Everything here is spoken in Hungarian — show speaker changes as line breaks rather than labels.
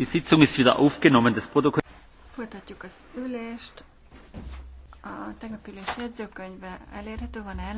Die Sitzung ist wieder aufgenommen. Das Protokoll.
Folytatjuk az ülést. A tegnapi ülés jegyzőkönyve elérhető van el.